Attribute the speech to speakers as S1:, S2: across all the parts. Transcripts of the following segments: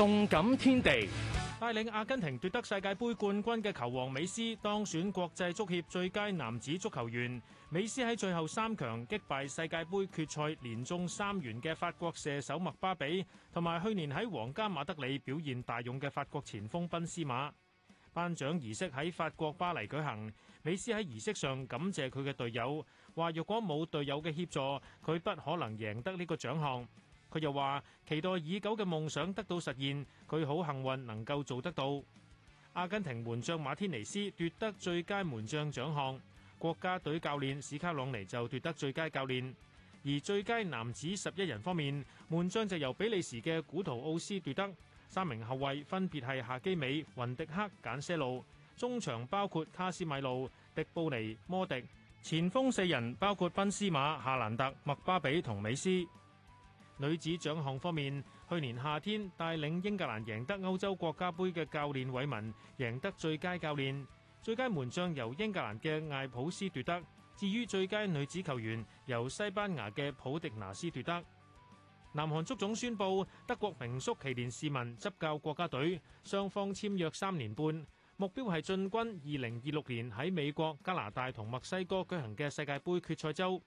S1: 動感天地帶領阿根廷奪得世界盃冠軍嘅球王美斯當選國際足協最佳男子足球員。美斯喺最後三強擊敗世界盃決賽連中三元嘅法國射手麥巴比，同埋去年喺皇家馬德里表現大勇嘅法國前鋒賓斯馬。頒獎儀式喺法國巴黎舉行，美斯喺儀式上感謝佢嘅隊友，話如果冇隊友嘅協助，佢不可能贏得呢個獎項。佢又話：期待已久嘅夢想得到實現，佢好幸運能夠做得到。阿根廷門將馬天尼斯奪得最佳門將獎項，國家隊教練史卡朗尼就奪得最佳教練。而最佳男子十一人方面，門將就由比利時嘅古圖奧斯奪得。三名後衛分別係夏基美、雲迪克、簡些路。中場包括卡斯米路、迪布尼、摩迪。前鋒四人包括賓斯馬、夏蘭特、麥巴比同美斯。女子獎項方面，去年夏天帶領英格蘭贏得歐洲國家盃嘅教練韋文贏得最佳教練，最佳門將由英格蘭嘅艾普斯奪得。至於最佳女子球員，由西班牙嘅普迪拿斯奪得。南韓足總宣布，德國名宿奇連士文執教國家隊，雙方簽約三年半，目標係進軍二零二六年喺美國、加拿大同墨西哥舉行嘅世界盃決賽周。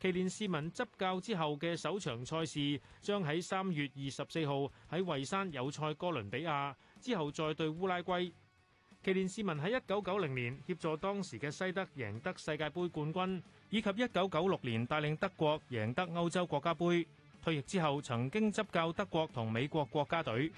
S1: 奇連士文執教之後嘅首場賽事將喺三月二十四號喺惠山友賽哥倫比亞，之後再對烏拉圭。奇連士文喺一九九零年協助當時嘅西德贏得世界盃冠軍，以及一九九六年帶領德國贏得歐洲國家盃。退役之後曾經執教德國同美國國家隊。